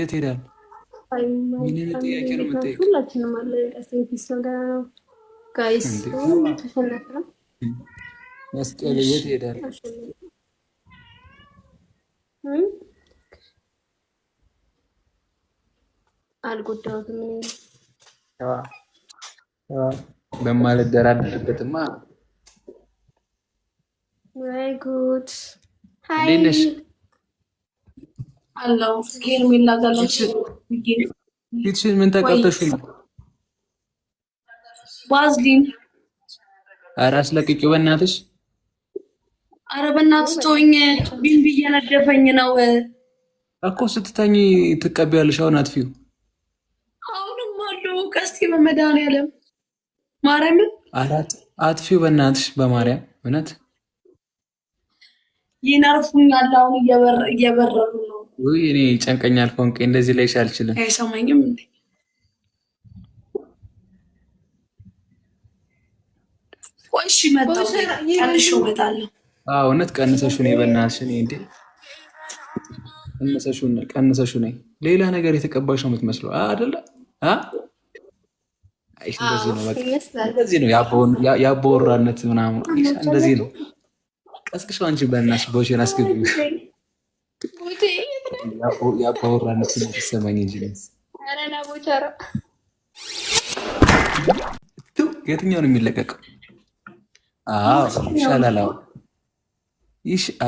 የት ሄዳል? ጥያቄ ነው የምጠይቅ። ሁላችንም አለ መስቀል የት ሄዳል? አልጎዳሁትም። በማልደራደርበትማ ጉድ አለው ሄርሜላ ጋር ፊትሽን ምን ተቀብተሽ ነው? ዋዝሊን። ኧረ አስለቅቂው በእናትሽ። ኧረ በእናትሽ ተወኝ። ቢንቢ እየነደፈኝ ነው እኮ። ስትተኝ ትቀቢያለሽ። አሁን አጥፊው። አሁንም ቀስቲ። በመድኃኒዓለም ማርያምን አራት በእናትሽ፣ በማርያም እውነት ይነርፉኛል። አሁን እየበረሩ እኔ ጨንቀኛል። ፎንቄ እንደዚህ ላይሽ አልችልም። አይሰማኝም እንዴ? እሺ መጣሁ። ቀንሼው እመጣለሁ። አዎ እውነት ቀንሰሽው ነይ፣ በእናትሽ ነይ እንዴ! ቀንሰሽው ነይ። ሌላ ነገር የተቀባሽ ነው የምትመስለው አይደለ? እንደዚህ ነው እንደዚህ ነው የአባወራነት ምናምን፣ እንደዚህ ነው ቀስቅሻው። አንቺ በእናትሽ ቦሽን አስገቢው የአባወራነት ስሜት እንጂ የትኛው ነው የሚለቀቀው? ይሻላል።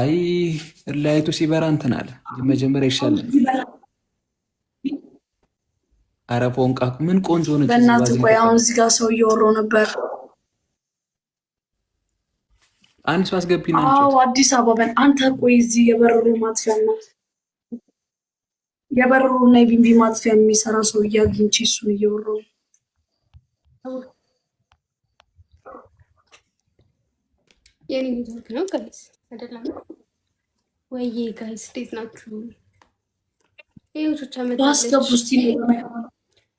አይ ላይቱ ሲበራ እንትን አለ መጀመሪያ ይሻላል። ኧረ ፖንቃ ምን ቆንጆ ነች። በእናትህ ቆይ፣ አሁን እዚህ ጋር ሰው እያወራሁ ነበር። አንድ ሰው አስገቢ ናቸው። አዲስ አበባ አንተ ቆይ፣ እዚህ የበረሩ ማጥፊያ ናት። የበረሮ እና የቢንቢ ማጥፊያ የሚሰራ ሰው አግኝቼ እሱን እያወራሁ የኔ ኔትወርክ ነው ጋይስ፣ አይደለም ጋይስ፣ እንዴት ናችሁ? ይህቶች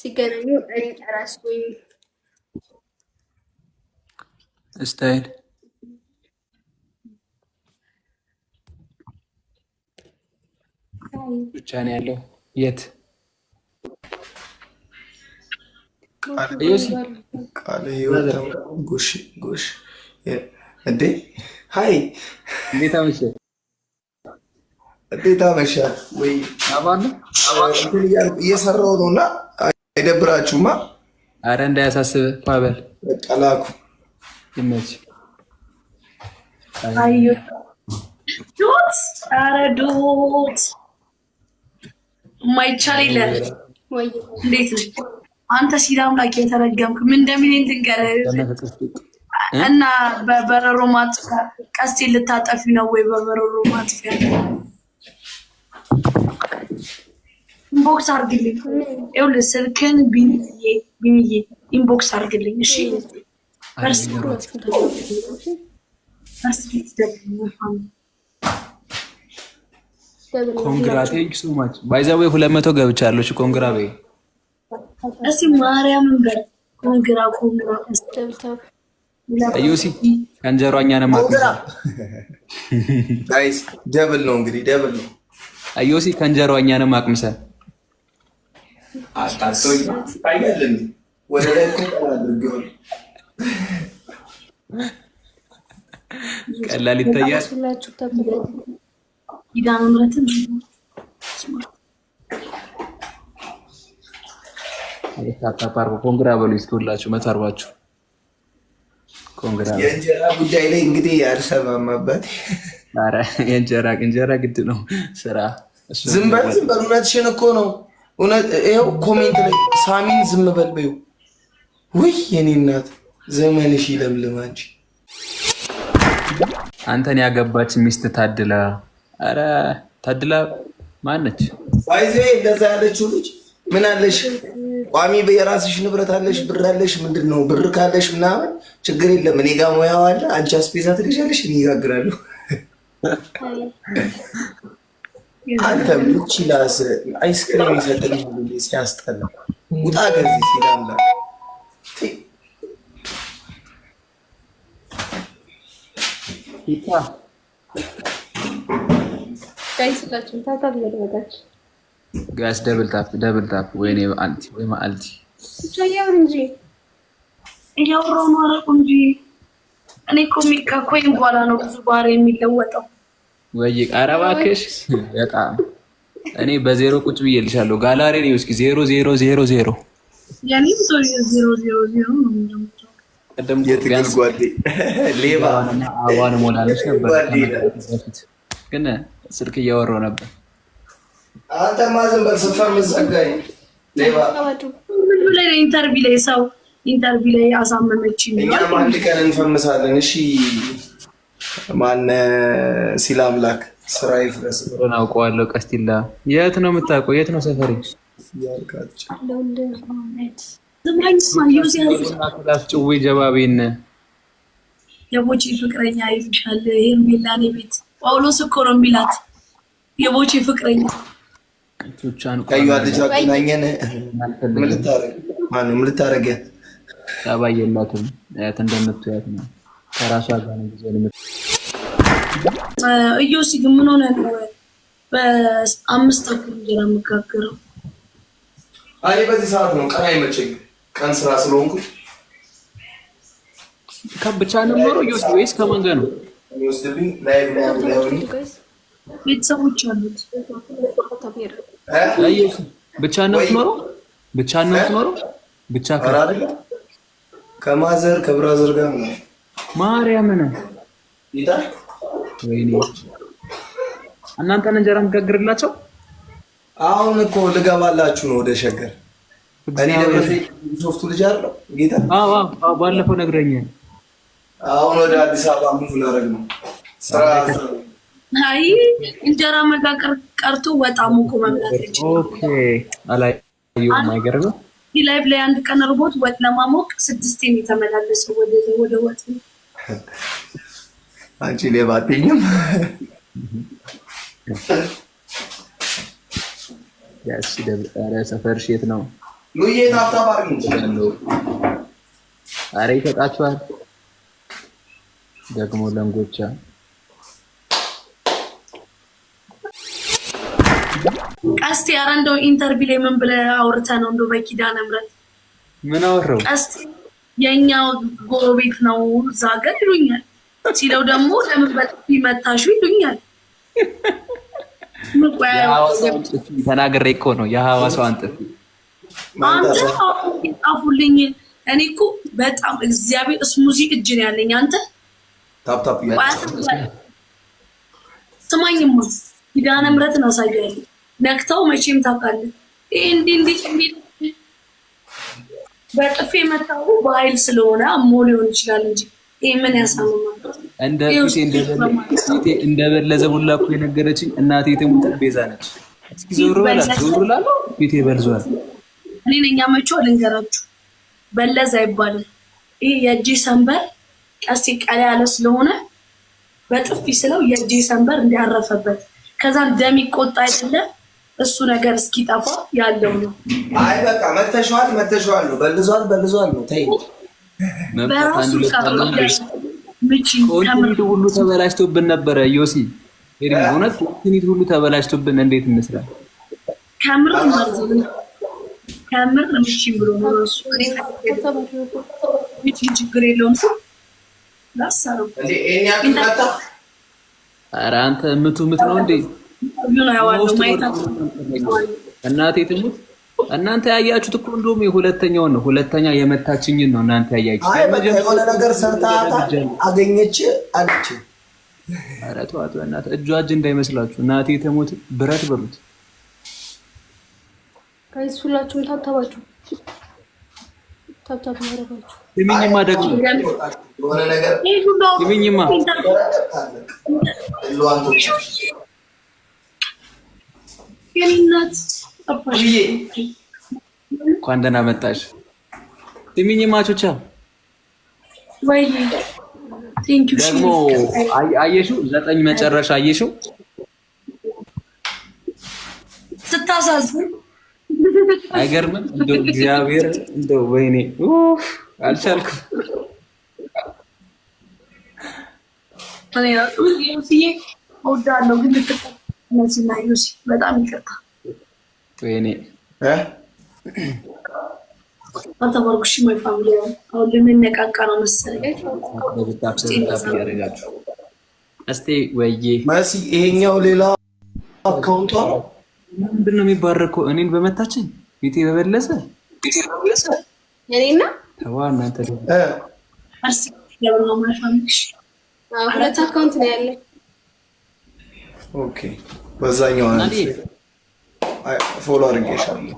ሲገናኙ እኔ ስታይል ብቻ ነው ያለው። የት ቃለ ነውና እንዴት አመሸህ? እንዴት አመሸህ? ወይ እየሰራሁ ነው እና አይደብራችሁማ። አረ እንዳያሳስብ ፓበል ቀላኩ ይመች ዱት አረ የማይቻል የለም። እንዴት ነው አንተ ሲዳም ላይ የተረገምክ ምን እንደምን እንድንገረ እና በበረሮ ማጥፊያ ቀስቴ ልታጠፊ ነው ወይ? በበረሮ ማጥፊያ ኢንቦክስ አርግልኝ። ይኸውልህ ስልክህን ቢንዬ ቢንዬ ኢንቦክስ አርግልኝ። እሺ ርስ ርስ ኮንግራ ቴንክ ሶ ማች ባይዛዌ ሁለት መቶ ገብቻለሁ። ኮንግራ በይ ማርያምን በል ኮንግራ ኮንግራ ነው ጋይስ፣ ደብል ነው እንግዲህ ደብል ነው። ነው ቀላል ይታያል። ኪዳነ ምሕረትን ታታፓርኩ ኮንግራ በሉ ይስቶላችሁ መታርባችሁ ኮንግራ የእንጀራ ጉዳይ ላይ እንግዲህ ያልሰማም አባቴ ኧረ የእንጀራ እንጀራ ግድ ነው ስራ ዝም በል ዝም በል እውነትሽን እኮ ነው ይኸው ኮሜንት ላይ ሳሚን ዝም በል በይው ውይ የኔ እናት ዘመንሽ ይለምልም አንቺ አንተን ያገባች ሚስት ታድላ አረ ታድላ ማነች? ባይዜ እንደዛ ያለችው ልጅ ምን አለሽ ቋሚ የራስሽ ንብረት አለሽ፣ ብር አለሽ፣ ምንድን ነው ብር ካለሽ ምናምን ችግር የለም እኔ ጋ ሙያው አለ፣ አንቺ አስቤዛ ትገዣለሽ፣ እኔ ይጋግራለሁ። አንተ ምቺ ላስ አይስክሪም ይሰጠኝ ሲያስጠላ ውጣ ከዚህ ሲላምላ ይታ ጋይስላችሁ ታታ ብያደረጋችሁ ጋይስ ደብል ታፕ ደብል ታፕ። ወይኔ በአልቲ ወይ ማአልቲ ይታያል እንጂ እያወራሁ ነው። አረቁ እንጂ እኔ እኮ ከኮይን በኋላ ነው ብዙ ባህሪ የሚለወጠው። ወይ ኧረ እባክሽ በጣም እኔ በዜሮ ቁጭ ብዬልሻለሁ። ጋላሪ ነው እስኪ ዜሮ ዜሮ ዜሮ ዜሮ ያኔ ዜሮ ዜሮ ዜሮ ዜሮ ነው እንደምታውቀው ቀደም ጓዴ ሌባ አዋን ሞላለች ነበር ግን ስልክ እያወራሁ ነበር። አንተ ዝም በል ስፈር ምዘጋኝ ኢንተርቪው ላይ ሰው ኢንተርቪው ላይ አሳመመች። እኛም አንድ ቀን እንፈምሳለን። እሺ ማነ ሲል አምላክ ስራ ይፍረስ ብሎን አውቀዋለሁ። ቀስቲላ የት ነው የምታውቀው? የት ነው ሰፈሪ? ጭዌ ጀባቢን የቦቼ ፍቅረኛ ይሻል ሄርሜላኔ ቤት ጳውሎስ እኮ ነው የሚላት የቦቼ ፍቅረኛ ቀዩ አገናኘን። ምን የላትም። ያት እንደምትያት ነው ከራሷ ጋር ጊዜ ምን ሆነ ነው በአምስት እንጀራ የምጋገረው? አይ በዚህ ሰዓት ነው ቀን ቀን ስራ ስለሆንኩ ከብቻ ነው ኖሮ ወይስ ነው? የሚወስድብኝ ላይቭ ላይ ቤተሰቦች አሉት ብቻ ነው የምትኖረው? ብቻ ነው የምትኖረው? ብቻ ከማዘር ከብራዘር ጋር ነው። ማርያምን ወይኔ እናንተን እንጀራ ምትጋግርላቸው። አሁን እኮ ልገባላችሁ ነው ወደ ሸገር። እኔ ሶፍቱ ልጅ አለው ጌታ ባለፈው ነግረኛል አሁን ወደ አዲስ አበባ ምን ላደርግ ነው? ስራ አይ እንጀራ መጋቀር ቀርቶ ወጣ ሙኮ መብላት ኦኬ አላየሁም። አይገርምም? ላይቭ ላይ አንድ ቀን ርቦት ወጥ ለማሞቅ ስድስት የተመላለሰው ወደ ወደ ወጥ አንቺ ሌባ አትይኝም። ያቺ ደብረ ሰፈር ሼት ነው። ሉዬ ታፍታ ነው። አረ ይሰጣችኋል ደግሞ ለንጎቻ ቀስቲ ኧረ እንደው ኢንተርቪ ላይ ምን ብለህ አውርተህ ነው? እንደው በኪዳነ ምሕረት ምን አወራሁ? ቀስቲ የእኛ ጎረቤት ነው እዛ ሀገር ይሉኛል ሲለው ደግሞ ለምን በጥፊ መታሹ ይሉኛል። ተናግሬ እኮ ነው የሐዋሳው አንጥፍ አንተ ጣፉልኝ። እኔ እኮ በጣም እግዚአብሔር እስሙዚ እጅ ነው ያለኝ አንተ ታፕታፕ ስማኝማ ኪዳነ ነው አሳያለሁ። ነክተው መቼም ታውቃለህ። ይህ እንዲ እንዲ በጥፌ መታው በኃይል ስለሆነ አሞ ሊሆን ይችላል እንጂ ይህ ምን ያሳምማል? እንደበለዘ ሁላ እኮ የነገረችኝ እናቴ ትሙት ቤዛ ነች። እስኪ ዞር ፊቴ በልዟል። እኔ ነኛ ልንገራችሁ በለዘ አይባልም። ይህ የእጅ ሰንበር ቀስቴ ቀለ ያለ ስለሆነ በጥፊ ስለው የዲሰምበር እንዲያረፈበት ከዛም ደም ይቆጣ አይደለ እሱ ነገር እስኪጠፋ ያለው ነው። አይ በቃ መተሸዋል መተሸዋል ነው በልዟል በልዟል ነው ተይ በራሱ ሁሉ ተበላሽቶብን ነበረ። ዮሲ እውነት ኮንቲኒቱ ሁሉ ተበላሽቶብን እንዴት እንስራ? ከምር ከምር ምቺ ብሎ ነው እሱ ችግር የለውም ኧረ አንተ ምቱ ምት ነው እንዴ? እናቴ ትሙት። እናንተ ያያችሁት እኮ እንደውም የሁለተኛውን ነው። ሁለተኛ የመታችኝን ነው እናንተ ያያችሁት። የሆነ ነገር ሰርታ አገኘች አለች። ኧረ ተዋት በእናትህ፣ እጇ እጅ እንዳይመስላችሁ። እናቴ ትሙት፣ ብረት በሉት። ከዚህ ሁላችሁም ታተባችሁ ታብታብ ማረጋችሁ ስሚኝማ፣ ደግሞ ስሚኝማ፣ እንኳን ደህና መጣሽ። ስሚኝማ ደግሞ አየሽው፣ ዘጠኝ መጨረሻ አየሽው፣ ስታሳዝን አይገርምም? እንደው እግዚአብሔር እንደ ወይኔ አልቻልኩም። ይሄኛው ሌላ አካውንቷ ምንድን ነው የሚባረከው? እኔን በመታችን ቤቴ የበለሰ እኔና እናንተ ሁለት አካውንት ነው ያለ በዛኛው ፎሎ አድርጌሻለሁ።